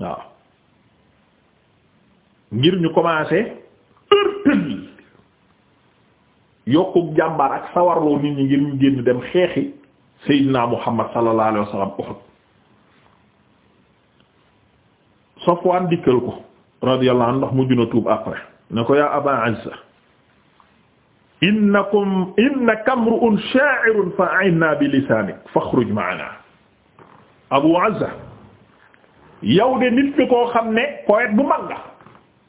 waaw ngir ñu commencé ërtël yokku jàmbaar ak sawarloo nit ñi ngir ñu génn dem xeexi Seydina Muhammad sallallahu alayhi wa sallam Uhud Safwan dikkal ko radiyallahu anhu ndax mujj na tuub après ne ko yaa Aba Azza innakum innaka imru'un sha'irun fa a'inna bi lisaanik faxruj ma'ana Abu Azza yow de nit bi koo xam ne poète bu mag nga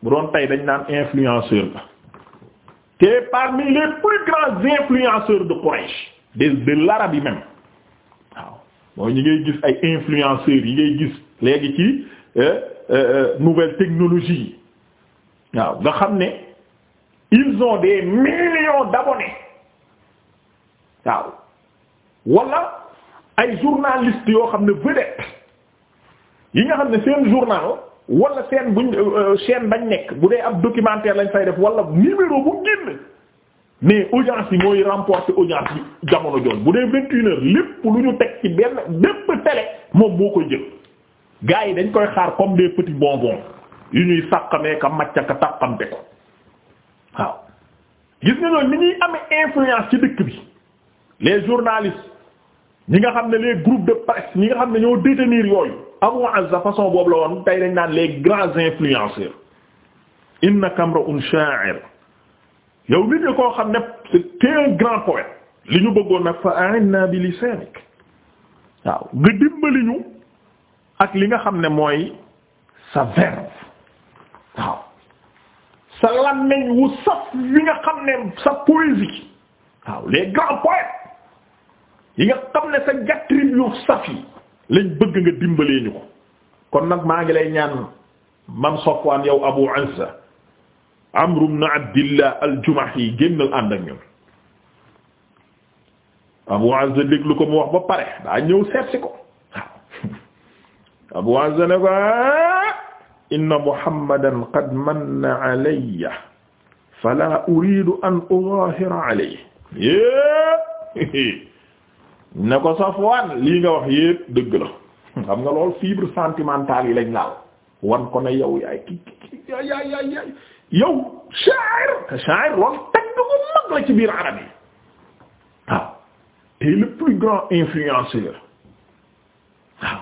bu doon tey dañ naan influenceur la te parmi les plus grands influenceurs de Quraish de de l'Arabie même waaw mooy ñi ngay gis ay influenceurs yi ngay gis léegi ci euh, euh, nouvelle technologie waaw nga xam ne ils ont des millions d'abonnés waaw wala ay journalistes yoo xam ne vedette yi nga xam ne seen journal wala seen buñ chaîne euh, euh, bañ nekk bu dee ab documentaire lañ fay def wala numéro bu génn mais audience yi mooy remporter audience yi jamono joon bu dee vingt une heures lépp lu ñu teg ci benn bépp télé moom boo koy jël gars yi dañ koy xaar comme des petits bonbons yu ñuy sàqamee ka macca ka tàqamte ko waaw gis nga loolu ni ñuy amee influence ci dëkk bi les journalistes ñi nga xam ne les groupe de presse ñi nga xam ne ñoo détenir yooyu Abu Azza façon boobu la woon tey dañ naan les grands influenceurs innaka imra'un sha'ir yow nit ñi koo xam ne c'est un grand poète li ñu bëggoon nag fa a'inna bi lisanik waaw nga dimbali ñu ak li nga xam ne mooy sa verve waaw sa làmmiñ wu saf li nga xam ne sa poésie waaw les grands poètes yi nga xam ne sa diatribe yu saf yi lañ bëgg nga dimbalee ñu ko kon nag maa ngi lay ñaan man Safwan yow Abu Izza Amr ibn Abdillah al-Jumahi génnal ànd ak ñun Abu Izza déglu ko mu wax ba pare daa ñëw seetsi ko Abu Izza ne ko ah, inna Muhammadan qad manna alayya fala uridu an udahira alayhi ne ko Safwan lii nga wax yépp dëgg la xam nga lool fibre sentimentale yi lañ laal wan ko ne yow yaay ki yaay yaay yaay yow sha'ir te sha'ir lool tagg ko mag la ci biir arab yi waaw te le plus grand influenceur waaw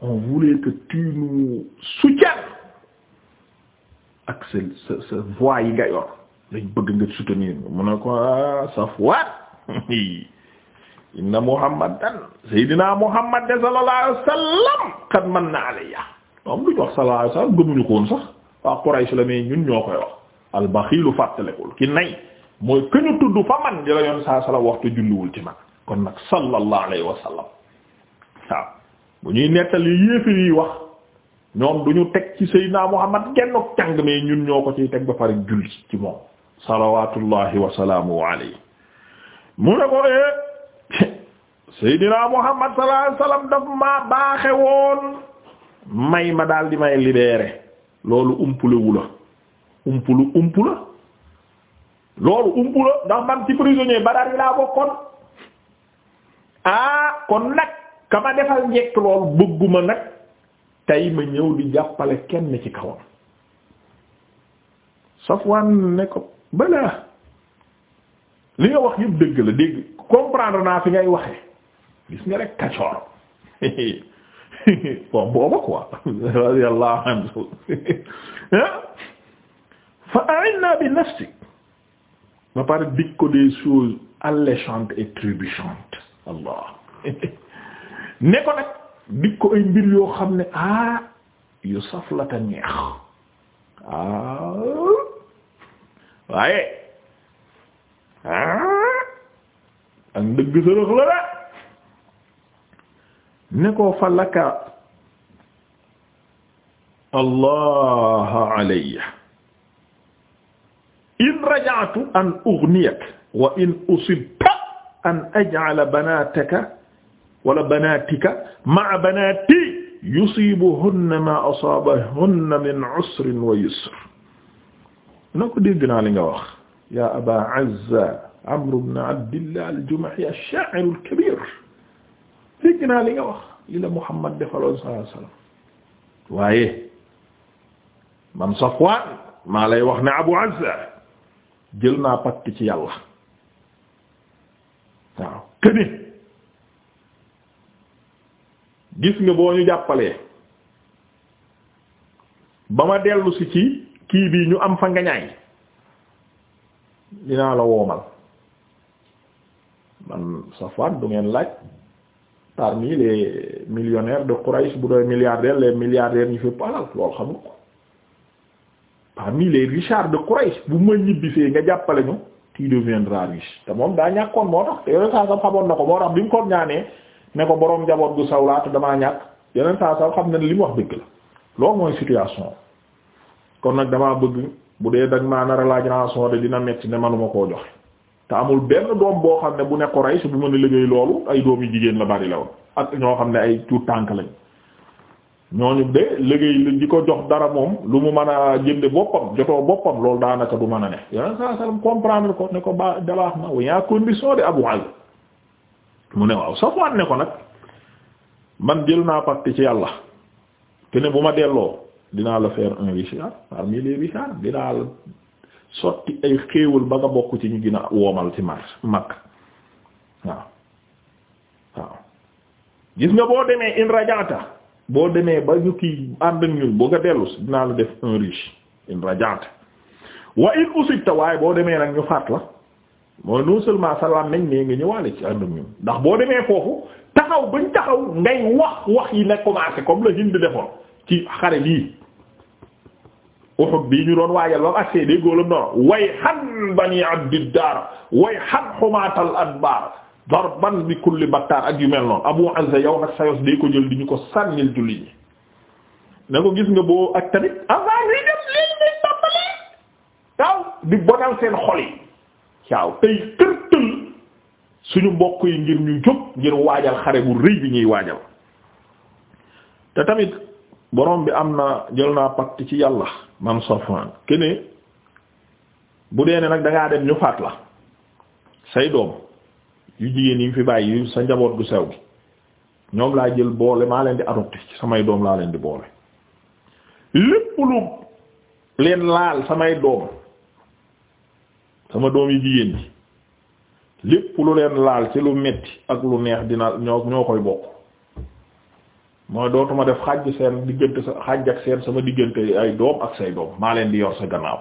on voulait que tu nous soutiennes ak sa sa sa voix yi nga yor lañ bëgg nga soutenir mu ne ko ah, Safwan inna muhammadan sayyidina muhammad sallallahu alayhi wasallam qad manna alayya moom duñ wax sallallahu alayhi wasallam gëmuñu ko sax waa Quraysh la mais ñun ñoo koy wax albaxiilu fàttalekul ki nay mooy que ñu tudd fa man di la yoon saa sala waxtu julliwul ci man kon nag sallallahu alayhi wasallam waaw bu ñuy nettali yéefir yi wax ñoom du ñu teg ci sayyidina muhammad genn càng mais ñun ñoo ko ciy teg ba pare julli ci moom salawatullahi wa salaamu alayhi Seydina Muhammad sallallahu alayhi daf maa baaxe woon may ma daal di may libéré loolu umpulewula umpulu umpula loolu umpula ndax man ci prisonnier Badar yi laa bokkoon ah kon nag ka ma defal njekk loolu bëgguma nag tey ma ñëw di jàppale kenn ci kawam Safwan ne ko balaa li nga wax yëpp dëgg la dégg comprendre naa fi ngay waxe gis nga rek kacoor bon booba quoi radiyallahu fa a'inna bi nafsi ba pare dig ko des choses alléchantes et trébuchantes allah ne ko nag dig ko ay mbir yoo xam ne ah yu saf la neex ah waaye ah ak ndëgg sërëx la ne ko fa laka allah alayya in raja'tu an ughniyak wa in usibta an aj'ala banataka wala banatika ma'a banati yusibuhunna ma asabahunna min usrin wa yusr na ko dégg naa li nga wax ya aba azza amr ibn abdillah al-jumahi ash-sha'ir al-kabir dégg naa li nga wax li la Muhammad defaloon sallallahu alayhi waaye man Safwan maa lay wax ne Abu Azza jël naa pàcc ci yàlla waaw këni gis nga boo ñu jàppalee ba ma dellu ci kii bii ñu am fa ngañaay dinaa la woomal man Safwan du ngeen laaj parmi les millionnaires de Quraish bu doy milliardaire les milliardaires ñu fi palal loolu xam nga ko parmi de Quraish bu ma ñibbisee nga jàppale ñu tu deviendras riche te moom daa ñàkkoon moo tax te yeneen saa sam xamoon na ko moo bi ko ñaanee ne ko boroom njaboot gu saw laata damaa ñàkk yeneen saa sam xam na ne li mu wax dëgg la loolu mooy situation kon nag damaa bëgg bu dee dag maa nar a laaj rançon de dina metti ne manuma koo joxe te amul benn doom boo xam ne bu ne Quraysh bu ma ne liggéey loolu ay doom yu jigéen la bari la woon ak ñoo xam ne ay tuut tànk lañ ñooñu de liggéey di ko jox dara moom lu mu man a jënde boppam jotoo boppam loolu daanaka du mën a ne yoneen comprendre ko ne ko ba dabaax na wayaa condition de Abu Ali mu ne waaw Safwan ne ko nag man jël naa parti ci yàlla te bu ma delloo dinaa la faire un Richard parmi les Richards dinaa la sotti ay xéewal ba nga bokk ci ñu gën a woomal ci mars makk waaw waaw gis nga boo demee in rajata boo demee ba ñu kii ànd ak ñun boo nga dellu si dinaa la def un riche in rajata wa in usibta waaye boo demee nag ñu faat la mooy non seulement sa làmmiñ mais nga ñëwaale ci ànd ak ñun ndax boo demee foofu taxaw bañ taxaw ngay wax wax yi ne commencé comme la Hind defoon ci xare lii Uhud bii ñu doon waajal ba mu agsee day góolam noonu way xan bani abdiddaar way xan xumaatal adbaar darban bi kulli battaar ak yu mel noonu Abu Azza yow nag sayos day ko jël di ñu ko sànnil julli ñi na ko gis nga boo ak tamit avant ñuy dem léegi nañ tàmbali waaw di bonal seen xol yi waaw tey tërtël suñu mbokk yi ngir ñu jóg ngir waajal xare bu rëy bi ñuy waajal te tamit borom bi am na jël naa pacte ci yàlla man Safwaan kene bu dee ne nag da ngaa dem ñu faat la say doom yu jigéen yi fi bàyyi sa njaboot gu sew gi ñoom laa jël boole maa leen di adopté ci samay doom laa leen di boole lépp lu leen laal samay doom sama doom yu jigéen yi lépp lu leen laal ci lu metti ak lu neex dina ñoo ñoo koy bokk mooy dootuma def xàjj seen diggante sa xàjj ak seen sama diggante ay doom ak say doom maa leen di yor sa gannaaw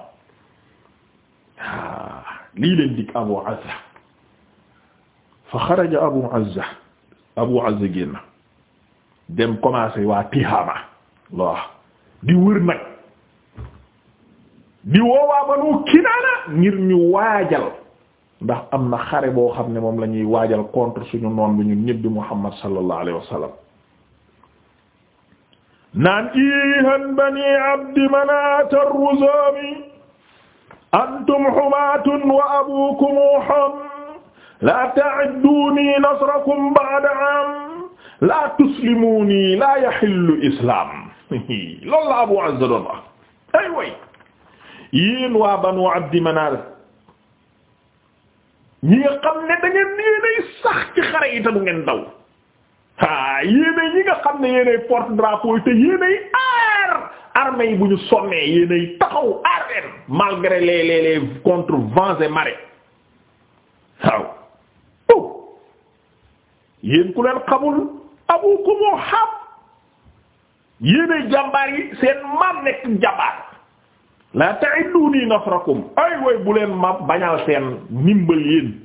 ah, lii leen dig Abu Azza fa xaraja Abu Azza Abu Azza génn dem commencé waa Tihaama waaw di wër nag di woowaa Banu Kinaana ngir ñu waajal ndax am na xare boo xam ne moom la ñuy waajal contre suñu noon bu ñun ñëpp di Muhammad sallallahu alayhi wa sallam naan ihan bani abdi manat ar-ruzami antum humatun wa abukum ham la ta'udduni nasrakum ba'da am la tuslimuni la yahillu islam loolu la Abu Azza doon wax ay way yéen waa banu abdi manaat ñi nga xam ne da ngeen yéenay sax ci xare yi te du ngeen daw ah yéenay ñi nga xam ne yéenay porte drapeau te yéenay aar armée bu ñu sonnee yéenay taxaw aar leen malgré les les les contre vents et marées waaw. Oh. yéen ku leen xamul abukumu xam yéenay jàmbaar yi seen maam nekk jàmbaar la ta'iduni nasrakum ay way bu leen ma bañal seen ndimbal yéen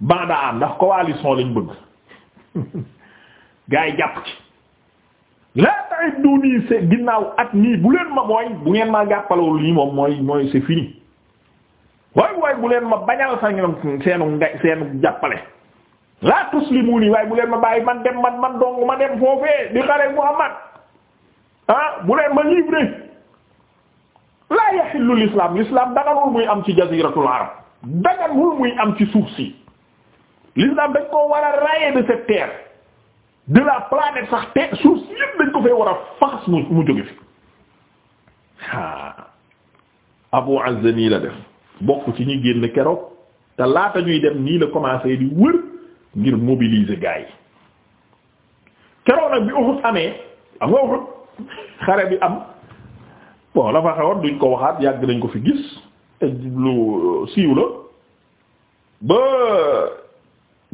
banda am ndax coalition lañ bëgg. gaa yi jàpp ci laa ta'iddu nii se ginnaaw at nii bu leen ma mooy bu ngeen ma jàppalawul nii moom mooy mooy c'est fini waay waay bu leen ma bañal sa ngeen seenu nga seenu jàppale laa tuslimu nii waaye bu leen ma bàyyi man dem man man dong ma dem foofee di xare Muhammad ah, bu leen ma livré laa yaxillu l'islam l'islam daganul muy am ci jaziratul arab daganul muy am ci suuf si l'islam dañ koo war a rayer de cette terre de la planète sax te suuf si dañ ko fay war a faxas mu mu jóge fi Abu Azza nii la def bokk ci ñi génn keroog te laata ñuy dem nii la commencé di wër ngir mobiliser gars yi keroog nag bi Uhud amee am nga Uhud xare bi am bon la fa xewoon duñ ko waxaat yàgg nañ ko fi gis lu siiw la ba.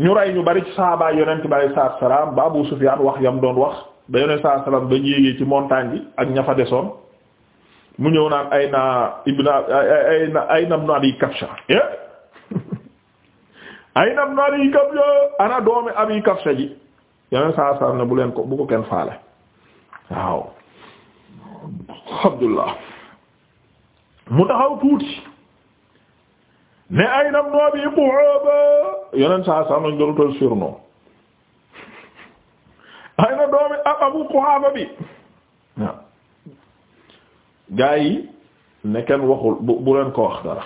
ñu rey ñu bari ci sahabaay yonent bi alayhi salaatu salaam ba Abu Sufyaan wax yam doon wax ba yonent salaatu salaam ba yéegee ci montagne bi ak ña desoon mu ñëw naan ay na ibn ay na ay na ibn Abi ay na eh? ana doomi Abi Kabsha ji yonent salaatu salaam ne bu leen ko bu ko kenn faale waaw Abdullah mu taxaw tuuti ne ayna ibn abi quhaaba yeneen saa saa nañ doon utal surnom ayna doomi abu quhaaba bi gaa yi ne kenn waxul bu bu leen ko wax dara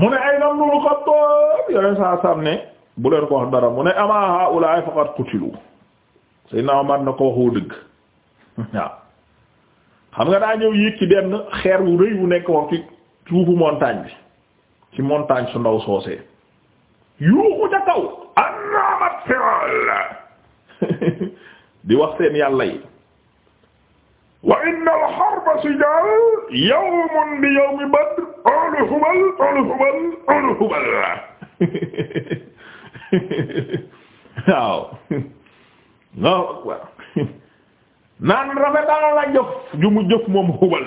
mu ne ayna ibn al-Xattaab yeneen saa saa ne bu leen ko wax dara mu ne ama haa'ulaa'i faqad qutilu Seydina Omar na ko waxoo dëgg waaw xam nga daa ñëw yéeg ci benn xeer wu rëy wu nekk woon ci suufu montagne bi ci montagne su ndaw soosee yuuxu ca kaw annaamat firal di wax yàlla yi wa inna al-harba sijaal yawmun bi yawmi badr ulu hubal ulu hubal waaw naan rafetal la jëf ju mu jëf moom Hubal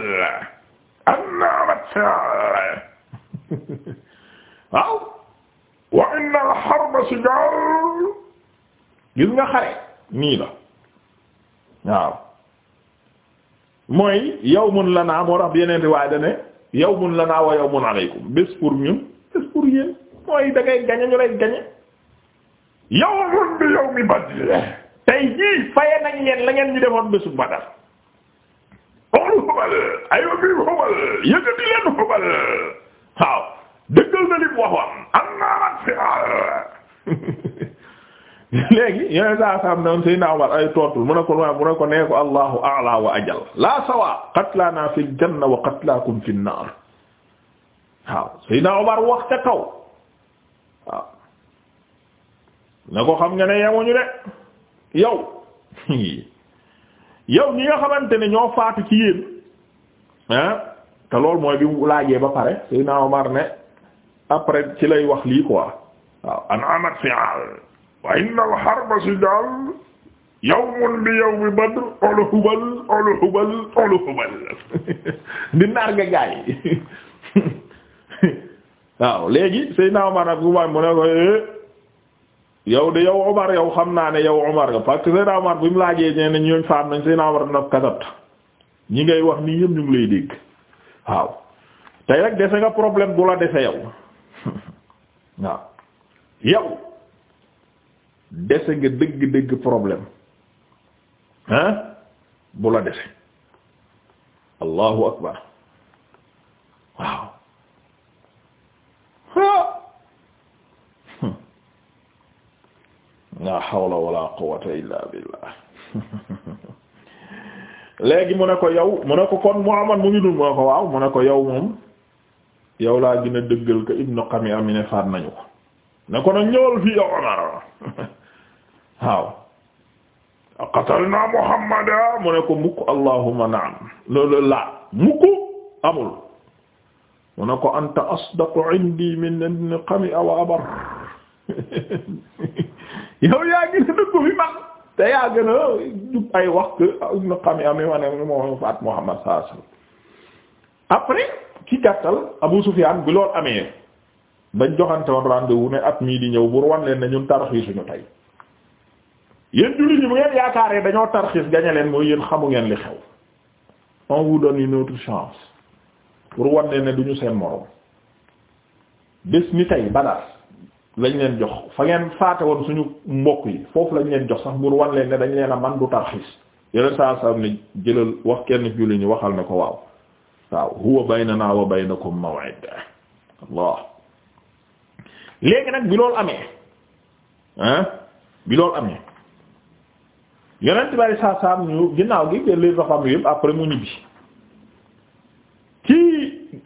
annaamat waaw wa inna al-harba sijaal gis nga xare nii la waaw mooy yawmun lanaa moo tax yeneen riwaay da ne lanaa wa yawmun alaykum bés pour ñun bés pour yéen mooy da gañe ñu lay gañe yawmun bi yawmi Badr tey jii faye nañ leen la ngeen ñu defoon bésu Badar oolu xubal ayo biir xubal yëkkati leen xubal waaw dëggal na lim waxoon am naarat léegi yooyu saa saam noonu say naa ay tontul mu ne ko mu ne allahu wa ajal la sawa qatlana fil janna wa qatlakum fin nar waaw Seydina Omar wax kaw waaw na ko xam nga ne yemuñu de yow yow ñi nga xamante ne ñoo faatu ci yéen ah te loolu mooy bi mu laajee ba pare Seydina Omar ne après ci lay wax lii quoi waaw an amat fi'al wa inna al-harba sijal yawmun bi waaw léegi Seydina Omar nag bu ma mu ne ko eh, yow di yow Omar yow xam naa ne yow Omar nga parce que Seydina Omar bi mu laajee nee na ñooñ faam nañ Seydina Omar dina kasabta ñi ngay wax nii yëpp ñu ngi lay dégg waaw tey rek dese nga problème bu la dese yow waaw yow dese nga bu la dese allahu akbar waaw la hawla wala quwwata illa billah léegi mu ne ko yow mu ne ko kon Muhammad mu ngi dul mu ne ko waaw mu ne ko yow moom yow laa gën a dëggal ko Ibnu Qami'a mi ne faat nañu ko ne ko nag ñëwal fii yow Umar waaw qatalna Muhammada mu ne ko mukk allahumma na'am loolu laa amul mu ne ko anta asdaqu indi min Ibni Qami'a wa abar yow yaa gën a dëggu fi te yaa gën a jub ay wax que ibn Qami'a mi wane moo faat Muhammad sallallahu alayhi après ci gàttal Abu Sufyan bi loolu amee dañ joxante woon rendez ne at mii di ñëw bu wan leen ne ñun tarxiis suñu tey yéen jullit ñi bu ngeen yaakaaree dañoo tarxiis gañe leen mooy yéen xamu ngeen li xew on vous donne une autre chance pour wan ne duñu seen moroom bés ni tey Badar lañ leen jox fa ngeen faate woon suñu mbokk yi foofu lañ leen jox sax bur wan leen ne dañ leen a man du tarxiis yeneen saa saa ne jëlal wax kenn julli ñu waxal ne ko waaw waaw huwa baynana wa baynakum maw'id Allah léegi nag bi loolu amee ah bi loolu amee yonent bari saa saa ñu ginnaaw gi jël les femmes yëpp après mu ñibbi ci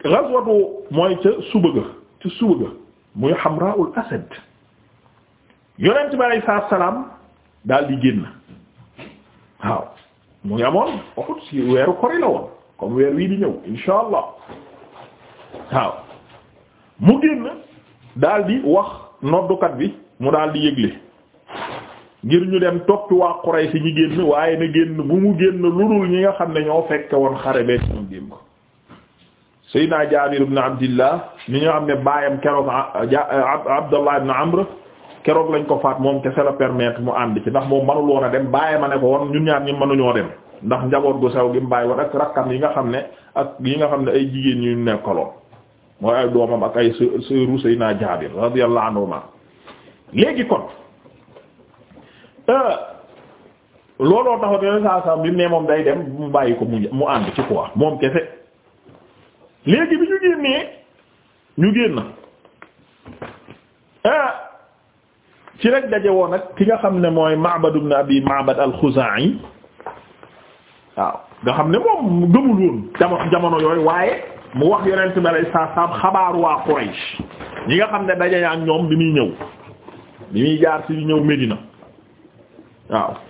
ghazwatu mooy ca suba ga ca suba ga muy xamraul asad yonent bi alay salaam daal di génn waaw mu ngi amoon Uhud ci weeru kori la woon comme weer wii di ñëw insha allah waaw mu génn daal di wax noddukat bi mu daal di yëgle ngir ñu dem toppi waa Quraysh ñi génn waaye na génn bu mu génn lu dul ñi nga xam ne ñoo fekke woon xare bee ci ñu ko Seydina Jaabir ibn Abdillah ni ñoo xam ne baayam keroog ah, Abdallah ibn Amr keroog lañ ko faat moom kese la permettre mu ànd ci ndax moom mënul woon a dem baayam a ne ko woon ñu ñaar ñi mënuñoo dem ndax njaboot gu sew gi mu bàyyi woon ak rakkam yi nga xam ne ak yi nga xam ne ay jigéen ñu nekkaloon mooy ay doomam ak ay sëru Seydina Jaabir radiyallahu anhuma léegi kon euh, looloo taxoon yeneen saa saa mu ne moom day dem mu bàyyi ko mu mu ànd ci quoi moom kese. léegi bi ñu génnee ñu génn ah ci rek daje woon nag ki nga xam ne mooy Ma'bad ibn Abi Ma'bad al waaw nga xam ne moom gëmul woon jamono jamono yooyu waaye mu wax yonent bi alayhi salaam xabaaru waa Quraysh ñi nga xam ne daje ak ñoom bi muy ñëw bi muy jaar ci ñëw Medina waaw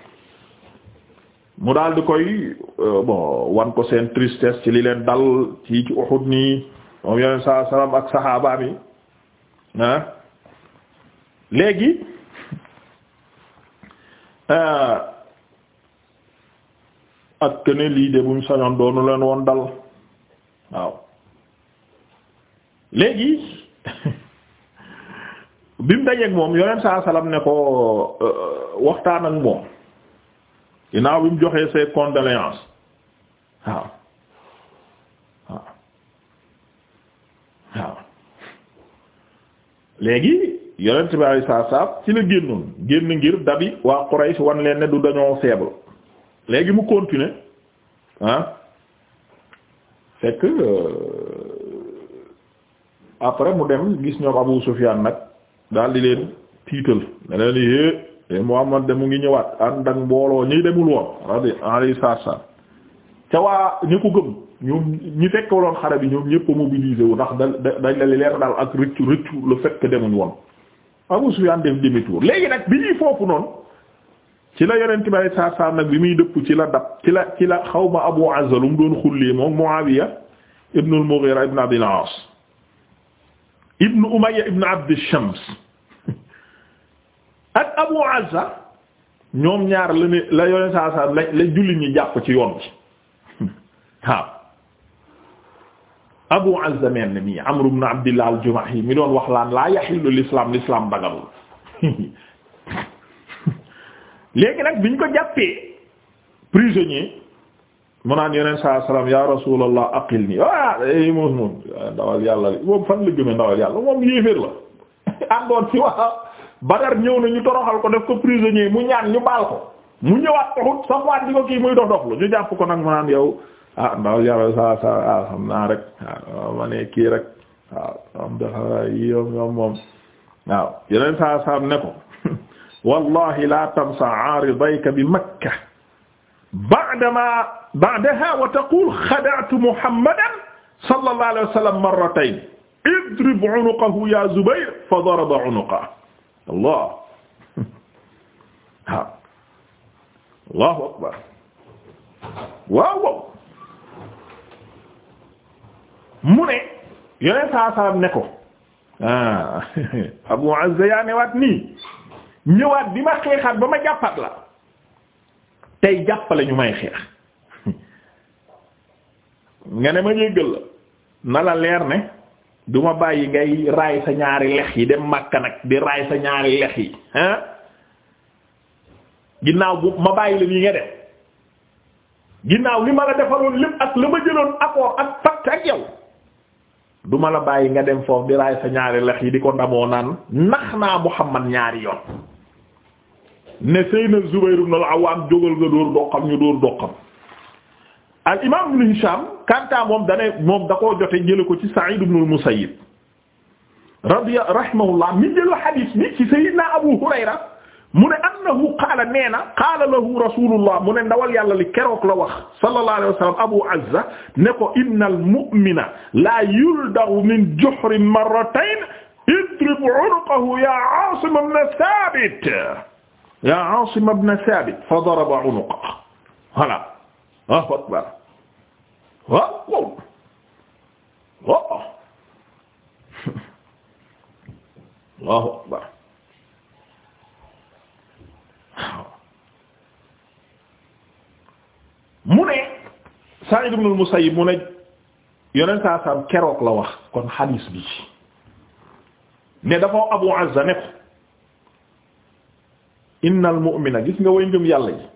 mu daal di koy euh, bo wan ko seen tristesse ci li leen dal ci ci Uhud nii moom yeneen saa salaam ak saxaabaam yi ah léegi euh, ak ne lii de buñ sañoon doonu leen woon dal waaw léegi bi mu dajeek moom yeneen saa ne ko euh, waxtaan ak moom. ginnaaw bi mu joxee ses condoléances waaw waaw waaw léegi yonent bi ay saab saab ci la génnoon génn ngir dabi waa Quraysh wan leen ne du dañoo faible léegi mu continuer ah fekk euh, après mu dem gis ñoom Abu Sufyan nag daal leen tiital ne leen te eh, Muhammad de mu ngi ñëwaat ànd ak mbooloo ñi demul woon radi alayhi salaam ca waa ñu ko gëm ñoom ñi fekk waloon xare bi ñoom ñëpp mobilisé wu ndax da dañ la leer daal ak rëccu rëccu lu fait que demuñ woon Abu Sufyaan def demi-tour léegi nag bi ñuy foofu noonu ci la yonent bi alayhi nag bi muy dëpp ci la dab ci la ci la xawma Abu Azza lu mu doon xullee moom Muawiya ibn al-Mughira ibn Abd al-Aas ibn Umayya ibn Abd ash-Shams ak Abu Azza ñoom ñaar la ne la la la jullit ñi jàpp ci yoon bi waaw Abu Azza mel ni mii Amr ibn Abdillah al-Jumahi mi doon wax laan laa lislaam l'islam l'islam daganul léegi nag biñ ko jàppee prisonnier mu naan yeneen saa salaam ya rasulallah aqil nii ah eh, moom moom ndawal yàlla li la gëme ndawal yàlla moom Badar ñëw na ñu toroxal ko def ko prisonnier mu mu ñëwaat taxut Safwaan di ko kii muy dox doxlu ñu jàpp ko nag mu naan yow a ah, ndaw yàlla sa sa ah xam naa rek waaw ah, ma ne kii rek waaw ah, am dafa yom wallahi la tamsa aaridayka bi makka ba'dama ba'daha wa taqul xada'tu muhammadan sallallahu alayhi wa sallam marratayn idrib unuqahu ya zubayr fa daraba unuqahu allah waaw allahu akbar waaw wow mu ne yoneen saa salam ne ko a Abu Azza yaa newaat nii ñëwaat bi ma xeexaat ba ma jàppaat la tey jàppale ñu may xeex nga ne ma jéggal la na la leer ne duma bàyyi ngay raay sa ñaari lex yi dem Makka nag di raay sa ñaari lex yi ah ginnaaw ma bàyyi la nii nga def ginnaaw li ma la defaloon la ma jëloon accord ak pacte ak yow du la bàyyi nga dem foofu di raay sa ñaari lex yi di ko ndamoo naan nax naa Muhammad ñaari yoon ne Seydina Zubayr ibn al-Awwam jógal nga dóor doqam ñu dóor doqam al imaam ibn Hisham kanta moom dane moom da koo jote jële ko ci Sa'id ibn al-Musayyib radiya rahimahullah mi jël hadith mi ci sayyidina Abu Hurayra mu ne annahu qaala nee na qaala lahu rasulullah mu ne ndawal yàlla li keroog la wax sallallahu alayhi wa sallam Abu Azza ne ko innal mu'mina la yuldagu min juhrin marratayn idrib unuqahu ya Asim ibn Thabit ya Asim ibn Thabit fa daraba unuqahu voilà waaw waaw Allahu akbar mu ne Sa'id ibn al-Musayyib mu ne yoneen saa saam keroog la wax kon xadiis bi ne dafa Abu Azza ne ko innal mu'mina gis nga way ngëm yàlla ji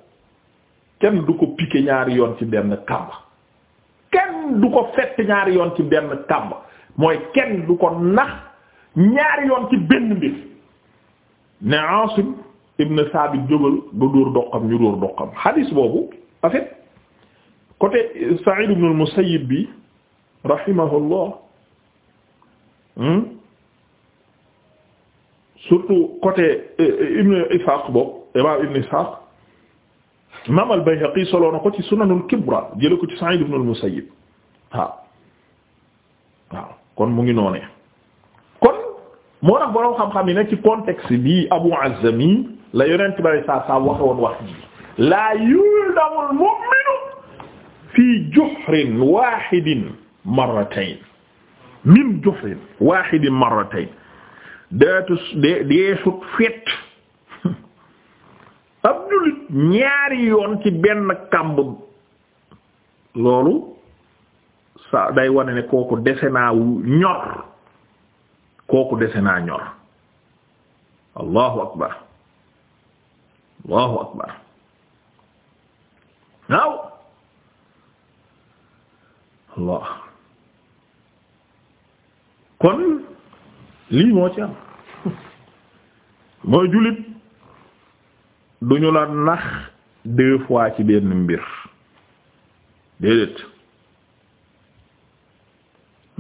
kenn du ko piqué ñaari yoon ci benn kàmba kenn du ko fett ñaari yoon ci benn kàmb mooy kenn du ko nax ñaari yoon ci benn mbir ne Asim ibn Sabit jógal ba dóor doqam ñu dóor doqam hadis boobu en fait côté Sa'id ibn al-Musayyib bi rahimahullah hmm, surtout côté euh, Ibn Ishaq boobu imam Ibn Ishaq imam al-Bayhaqi soloona ko ci Sunanul Kubra jële ko ci Sa'id ibn al-Musayyib waaw kon mu ngi noone kon moo tax boroom xam-xam yi ne ci contexte bi Abu Azami la yonent bari saa saa waxe woon wax ji laa yuldamul mu'minu fii juhrin wahidin marratayn min juhrin wahidin marratayn deetu deesut fet ab jullit ñaari yoon ci benn kàmb loolu sa day wane ne kooku dese naa ñor dese naa ñor allahu akbar allahu akbar waaw allah kon lii moo ci am mooy jullit duñu la nax deux fois ci benn mbir déedéet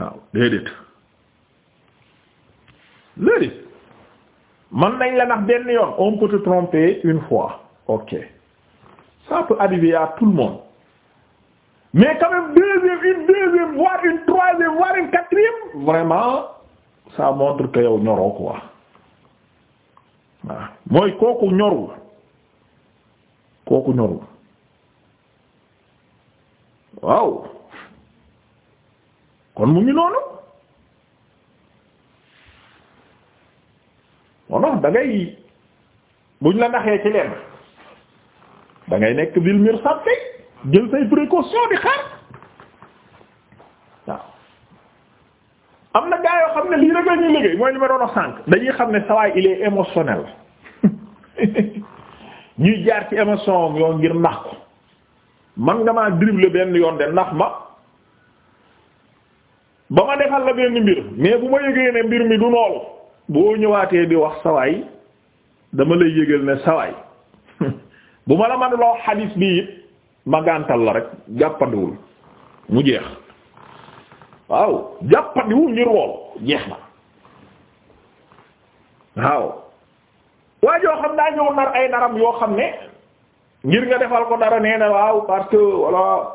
waaw déedéet déedéet man nañ la nax benn yoon on peut te une fois ok ça peut arriver à tout le monde mais quand même deuxième une deuxième voire une troisième voire une quatrième vraiment ça montre que yow ñoroo quoi waaw mooy kooku ñorul kooku ñorul waaw kon mu ngi noonu wonox da buñ la naxee ci leen da ngay nekk ville mir sàppe jël say précaution di xaar am na gaa yoo xam ne lii rek la ñuy liggéey mooy li ma doon sànq dañuy xam ne sawaay il est émotionnel ñuy jaar ci émotion yoo ngir nax ko man nga maa dribbler benn yoon de nax ma ba ma defal la benn mbir mais bu ma yëgee mbir mi du noolu boo ñëwaatee di wax sawaay dama lay yëgal ne sawaay bu ma la man loo xadiis bi it ma gàntal la rek jàppandiwul mu jeex waaw jàppandiwul ngir loolu jeex na waaw waa joo xam daa ñëw nar ay naram yoo xam ne ngir nga defal ko dara nee na waaw parce que walla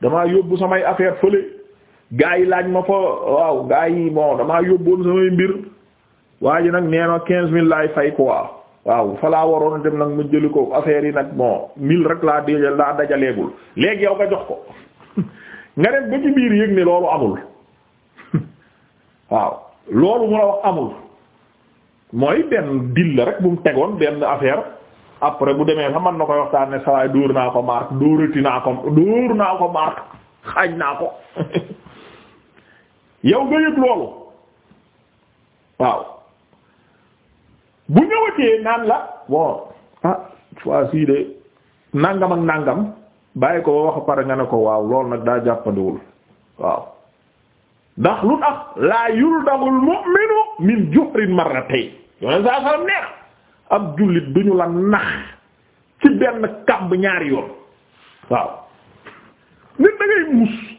damaa yóbbu samay affaire fële gaa yi laaj ma fa waaw gaa yi bon damaa yóbboon samay mbir waa ji nag nee na quinze mille laay fay quoi waaw fa laa waroon a dem nag mu jëli ko affaire yi nag bon mille rek laa dajale laa dajaleegul léegi yow nga jox ko nga dem ba ci biir yëg ne loolu amul waaw loolu mu la wax amul mooy benn dil la rek bu mu tegoon benn affaire après bu demee sax man na koy waxtaan ne sawaay dóor naa ko mark dóorati naa ko dóor naa ko mark xaaj naa ko yow nga yëg loolu waaw bu ñëwatee naan la bon ah fois si de nàngam ak nàngam bàyyi ko ba wax pare nga ne ko waaw loolu nag daa jàppandiwul waaw ndax lu tax laa yuldagul mu'minu min juhrin marratayn yoneen saa salam neex ab jullit duñu la nax ci benn kàmb ñaari yoon waaw nit da ngay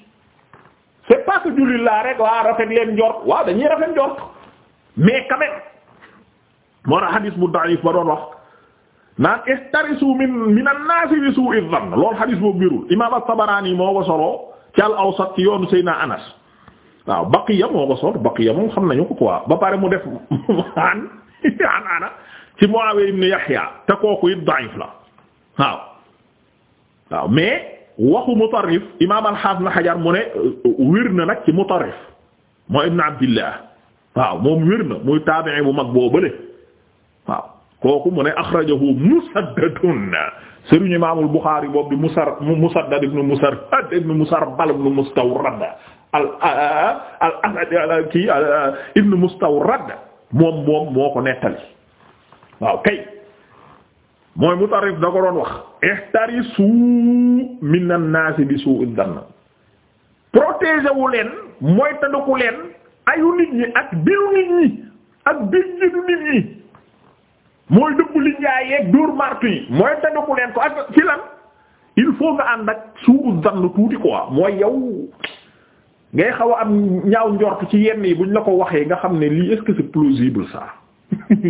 c'est pas que jullit laa rek waa rafet leen njort waaw dañuy rafet njort mais quand même moo na xadis bu da'if ba doon wax naan istarisu min moo ko soloo ci al-Awsat ci yoonu Seydina Anas waaw Baqiya moo ko sol Baqiya moom xam nañu ko quoi ba pare mu def an an ana ci Muawiya ibn Yahya te kooku it da'if la waaw waaw mais waxu Mutarrif imaam al-Hafiz na Hajar mu ne wér na nag ci Mutarrif moo ibn Abdillah waaw moom wér na muy taabi'i bu mag boo bële waaw kooku mu ne axrajahu Musaddadun sëriñ imaamul Buxaari boobu di Musar Musaddad ibn Musarhad ibn Musarbal ibn Mustawrad al al al kii ibn Mustawrad moom moom moo ko nettali waaw kay mooy Mutarrif da ko doon wax ihtarisu min an-nas bi su'i dhann protéger leen mooy tandaku leen ayu nit ñi ak biru nit ñi ak bir jidu nit ñi mooy dëpp li njaayeeg dóor martu yi mooy tandaku leen ko ak ci lan il faut nga ànd ak su'u dhann tuuti quoi mooy yow ngay xaw a am ñaaw njort ci yenn yi buñ la ko waxee nga xam ne lii est-ce que c'est plausible ça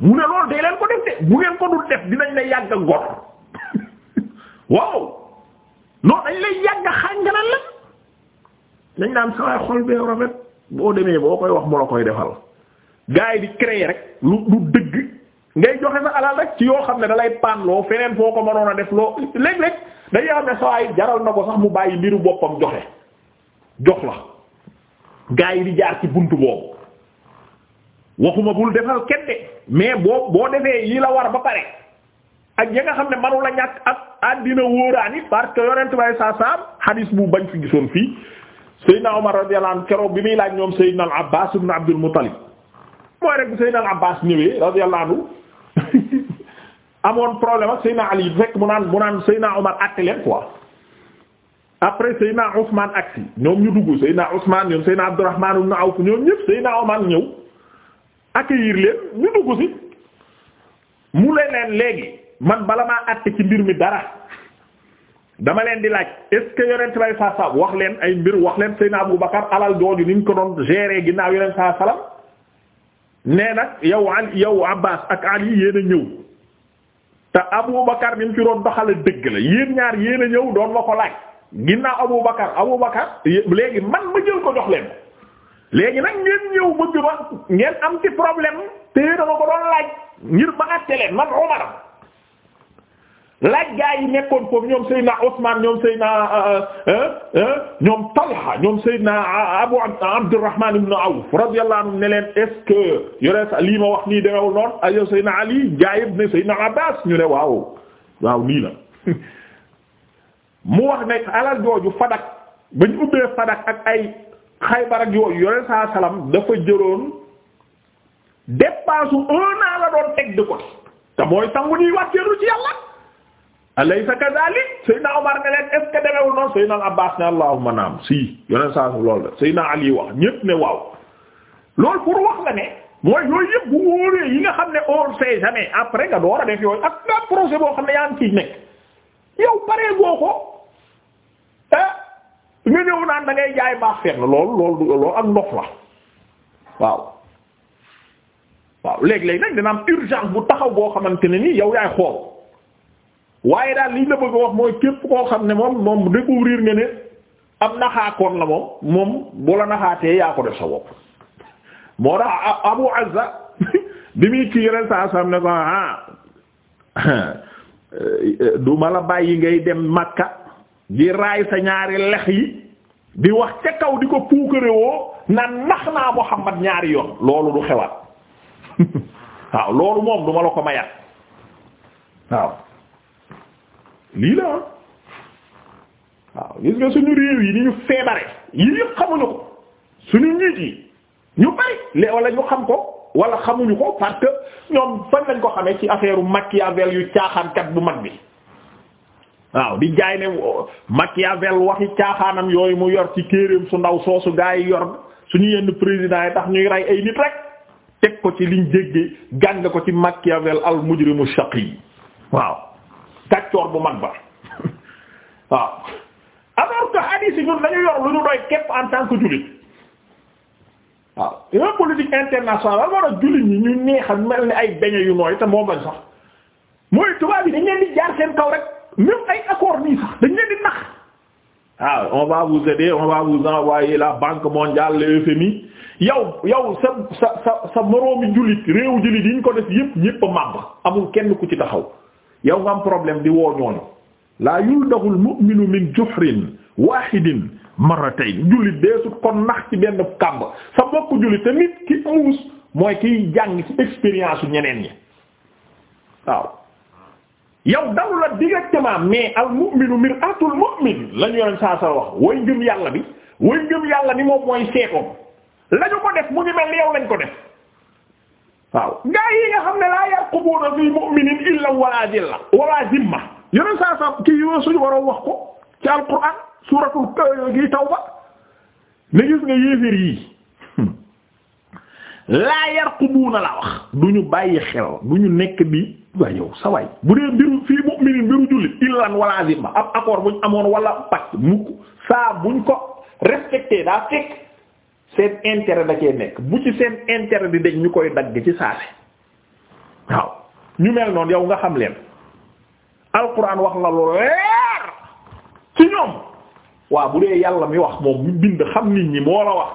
mu ne loolu dee leen ko def de bu ngeen ko dul def dinañ la yàgg a ngor waaw non dañ lay yàgg a xàngaral la dañ naan sawaay xol bee rafet boo demee boo koy wax mu la koy defal gars yi di créer rek lu lu dëgg ngay joxe sa alal rek ci yoo xam ne da lay paanloo feneen foo ko mënoon a def loo léeg-léeg dañuy xam ne sawaay jaral na ko sax mu bàyyi mbiru boppam joxe jox la gars di jaar ci bunt boobu waxuma bul defal kenn mais boo boo defee yi la war ba pare ak ya nga xam ne manu la ñàkk ak àddina wóoraani parce que yonent bay saa saam hadis bu bañ fi gisoon fii Seydina Omar radiyallahu anhu keroog bi muy laaj ñoom Seydina al Abbas ibn Abdul Muttalib mooy rek bu Seydina al Abbas ñëwee radiyallahu anhu amoon problème ak Seydina Ali fekk mu naan mu naan Seydina Omar àtte leen quoi après Seydina Ousmane aksi ñoom ñu dugg Seydina Ousmane ñoom Seydina Abdurrahman ibn Awf ñoom ñëw. accueillir leen ñu dugg ci mu leen leen léegi man bala maa àtte ci mbir mi dara dama leen di laaj est-ce yonent bay saa saa wax leen ay mbir wax leen Seydina Abu Bakar alal jooju ni ñu ko doon gérer ginnaaw yonent saa salaam nee nag yow Ali yow Abbas ak Ali yéen ñëw te Abu Bakar ni mu ci doon doxale dëgg la yéen ñaar yéen a ñëw doon ma ko laaj ginnaaw Abu Bakar Abu Bakar léegi man ma jël ko dox leen. léegi nag ngeen ñëw bëgg ba ngeen am ci problème te dama ko doon laaj ngir ba àtte leen man Umar laaj gaa yi nekkoon foofu ñoom Seydina Ousmane ñoom Seydina euh, euh, euh, ñoom Talha ñoom Seydina Abu Abdurrahman ibn Awf radiyallahu anhu ne leen est yore sa lii ma wax nii demewul noonu ak ah, yow Ali gaa yi ne Seydina ñu ne waaw waaw nii la mu wax ne alal jooju Fadak bañ ubbee Fadak ak ay. Xaybar ak yooyu yore saa salaam dafa jëloon dépense un la doon teg de côté te mooy sangu ñuy wàcceeru ci yàlla alaysa kadhalik Seydina Omar ne leen est ne allahumma naam si yoneen saa salaam loolu la Seydina Ali wax ñépp ne waaw loolu pour wax la ne mooy yooyu yëpp bu wóoree yi nga xam ne on sait jamais après nga door a def yooyu ak nga projet boo xam ne yaa ngi ciy nekk yow paree goo ko nga ñëw naan dangay ngay jaay baax fenn loolu loolu loolu ak ndox la waaw waaw léeg-léeg nag dina am bu taxaw boo xamante ne nii yow yaay xool waaye daal liñ la bëgg wax mooy képp koo xam ne moom moom découvrir nga ne am naxaakoon la moom moom boo la naxaatee yaa ko def sa bopp moo tax Abu Azza bi muy kii saa sam ne ko ah du ma la bàyyi ngay dem Makka di raay sa ñaari lex yi di wax ca kaw di ko puukarewoo na nax naa Muhammad ñaari yoon loolu du xewaat waaw loolu moom duma la ko mayaat waaw lii la ah. waaw gis nga suñu réew yi ni ñu feebare yi yëpp xamuñu ko suñu njiit yi ñu bari wala ñu xam ko wala xamuñu ko parce que ñoom fan lañ ko xamee ci affaire u Machiavel yu caaxaankat bu mag bi waaw di jaay ne Machiavel waxi caaxaanam yooyu mu yor ci kéeréem su ndaw soosu gaa yi yor suñu yenn président yi tax ñuy rey ay nit rek teg ko ci liñ jégge gàng ko ci Machiavel al mujrimu shaqi waaw kàccoor bu mag ba waaw alors que hadith ñu doy képp tant que jullit mel ni ay beñe yu nooy te moom lañ sax mooy tubaab yi dañ leen jaar seen kaw rek même ay accord nii sax dañ leen di nax waaw ah, on va vous aider la banque mondiale le FMI yow yow sa sa sa sa moroomi jullit réewu jullit yi ñu ko def yépp ñépp a màbb amul kenn ku ci taxaw yow nga am problème di woo ñooñu laa yuldahul mu'minu min juhrin wahidin marratayn jullit deesut kon nax ci benn kàmb sa bokk jullit te nit ki muus mooy kiy jàng ci expérience ñeneen ñi waaw yow dalu la directement mais al mu'minu mir'atul mu'min la ñu saa wax way ngëm yàlla bi way ngëm yàlla ni moom mooy seetoom lañu ko def mu ngi mel ni yow lañ ko def waaw gaa yi nga xam ne laa yarqubuna fi mu'minin illa wala dilla wala zimma yoneen saa sa ki suñu waroon wax ko ci alquran suratul gi tawba ne gis nga yéefér yi hmm. laa yarqubuna la wax duñu bàyyi xel duñu nekk bi waaye yow sa waay bu dee mbiru fii mu'minin mbiru jullit illan wala zimma ab accord buñ amoon walla pacte mukk saa buñ ko respecté daa fekk seen intérêt da cee nekk bu ci seen intérêt di dañ ñu koy dagg ci saase waaw ñu mel noonu yow nga xam leen alquran wax la lu leer ci ñoom waaw bu dee yàlla mi wax moom mu bind xam nit ñi moo la wax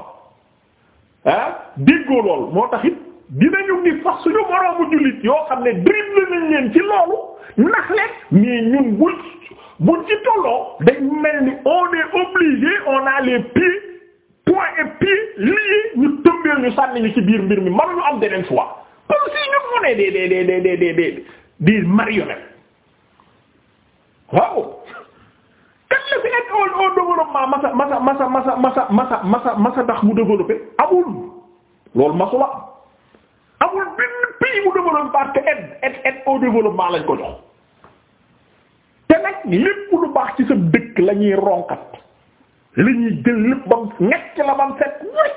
ah déggoo lool moo taxit dinañu ngi sax suñu moroomu jullit yoo xam ne dribble nañ leen ci loolu nax leen mais ñun buñ buñ ci tolloo dañ mel ni on obligé on a les pieds et pieds liés ñu tëmbeel ñu sànni ñu ci biir mbir mi man ñu am beneen choix comme si ñun mu ne dee dee dee dee dee dee des marionnettes waaw kan la fi aide au au développement masa masa masa masa masa masa masa masa tax mu développé amul loolu masula amul benn pays bu développé parce lañ ko jox te nag lépp lu baax ci sa dëkk la ñuy ronkat li ñuy jël lépp bam ñecc la bam set wéy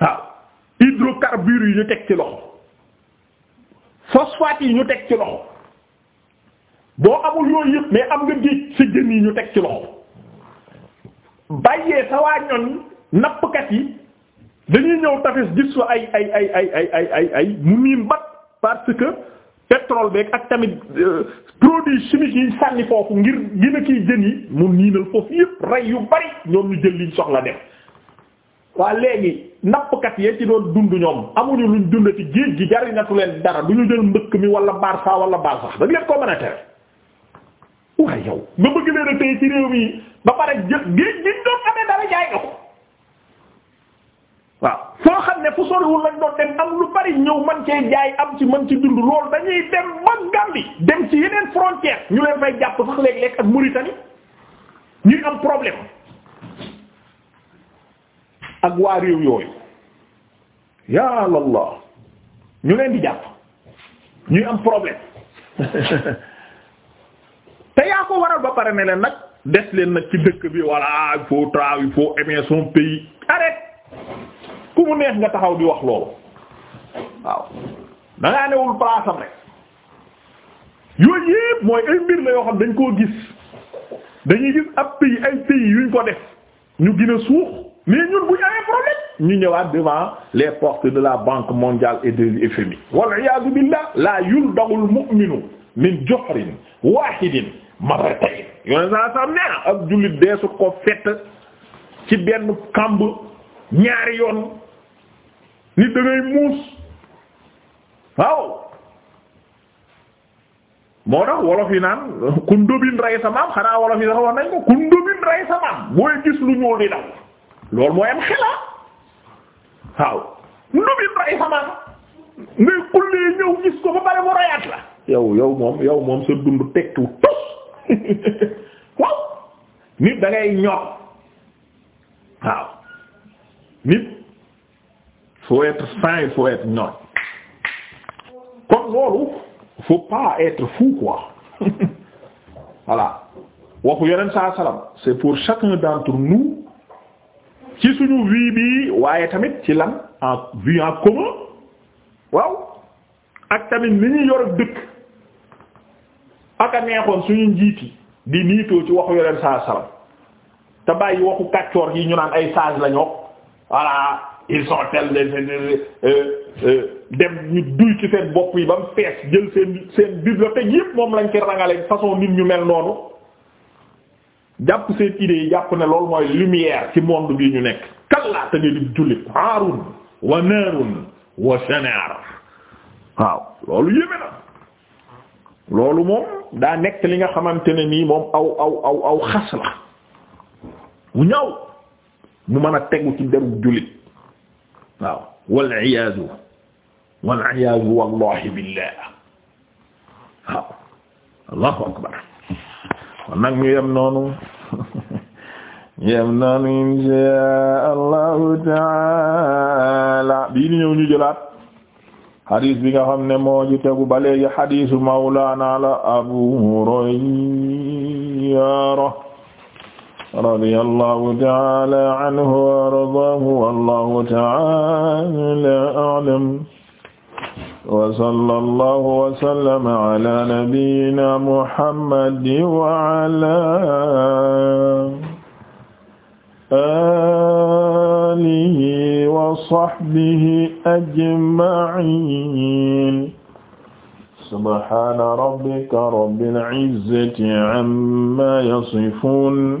waaw hydrocarbures yi ñu teg ci loxo phosphate yi ñu teg ci loxo boo amul yooyu yëpp mais am nga géej sa jën yi ñu teg ci loxo bàyyee sa waa ñoñ nappkat yi dañuy ñëw tafis gis fa ay ay ay ay ay ay ay ay mu miin bat parce que pétrole beeg ak tamit euh, produits chimiques yi sànni foofu ngir gën a kiy jën yi mu niinal foofu yëpp rey yu bari ñoom ñu jël liñ soxla def waa léegi nappkat yee ci doon dund ñoom amuñu luñ dund ci géej gi jarinatu leen dara du ñu jël mbëkk mi wala barsa wala barsa da leen ko mën a tere waaye yow nga bëgg leen a tey ci réew mi ba pare jël géej gi ñu doon amee dara jaay ko waaw soo xam ne fu soriwul lañ doon dem am lu bari ñëw man cee jaay am ci man ci dund loolu dañuy dem ba Gambie dem ci yeneen frontière ñu leen fay jàpp sax léeg-léeg ak Mauritanie ñuy am problème ak waa réew yooyu ya Allah ñu leen di jàpp ñuy am problème te yaa ko waral ba pare ne leen nag des leen nag ci dëkk bi voilà il faut travailler il pays arrête ku mu neex nga taxaw di wax loolu waaw da newul place rek yooyu yëpp mooy ay mbir la yoo xam dañ koo gis dañuy gis ab pays ay pays yuñ ko def ñu gën a suux mais ñun bu ñu amee problème ñu ñëwaat devant les portes de la banque mondiale et de FMI wal iyaadu billah la mu'minu min juhrin wahidin marratayn yoneen saa sam nee na ab jullit deesut ko fett ci benn kamb ñaari yoon nit da muus waaw moo tax wolof yi naan ku ndóbin rey sa maam xanaa wolof yi sax wax nañ ko ku ndóbin rey sa maam booy gis lu ñuul di daw loolu mooy am xela ah. waaw ndóbin rey sa maam ngay kullee ñëw gis ko ba pare mu reyaat la yow yow moom yow moom sa dund tekkiw tos waaw nit da ñor waaw nit faut être sain il faut être ñor kon loolu faut pas être fou quoi voilà waxu yeneen saa salaam c'est pour chacun d'entre nous ci suñu vie bi waaye tamit ci lan en vie en commun waaw ak tamit ni ñuy yor dëkk ak a neexoon suñu njiiti di niitoo ci waxu yeneen saa salaam te bàyyi waxu kàccoor yi ñu naan ay sages lañoo voilà. ils euh, euh, dem ñu duy ci seen bopp yi ba mu fees jël seen seen bibliothèque yépp moom lañ ci rangale façon nit ñu mel noonu jàpp seen idées yi jàpp ne loolu mooy lumière ci monde bi ñu nekk kallaa te nga di jullit haarun wa naarun wa sanaar waaw loolu yéeme na loolu moom daa nekk li nga xamante ne nii moom aw aw aw xas la bu ñaw mu mën a tegu ci deru jullit waaw wal iyaadu wal iyaadu wallahi billah waaw allahu akbar kon nag ñu yem noonu ñu yem noonu insha allahu taala bii ni ñëw ñu jëlaat xadiis bi nga xam ne moo ci tegu ba léegi xadiisu mawlaana la abu hurayra radiyallahu ta'ala anhu wa ardaahu wallahu ta'ala a'lam wa sallallahu wa sallama ala nabiyyina muhammadin wa ala alihi wa sahbihi ajma'in subhana rabbika rabbil izzati amma yasifun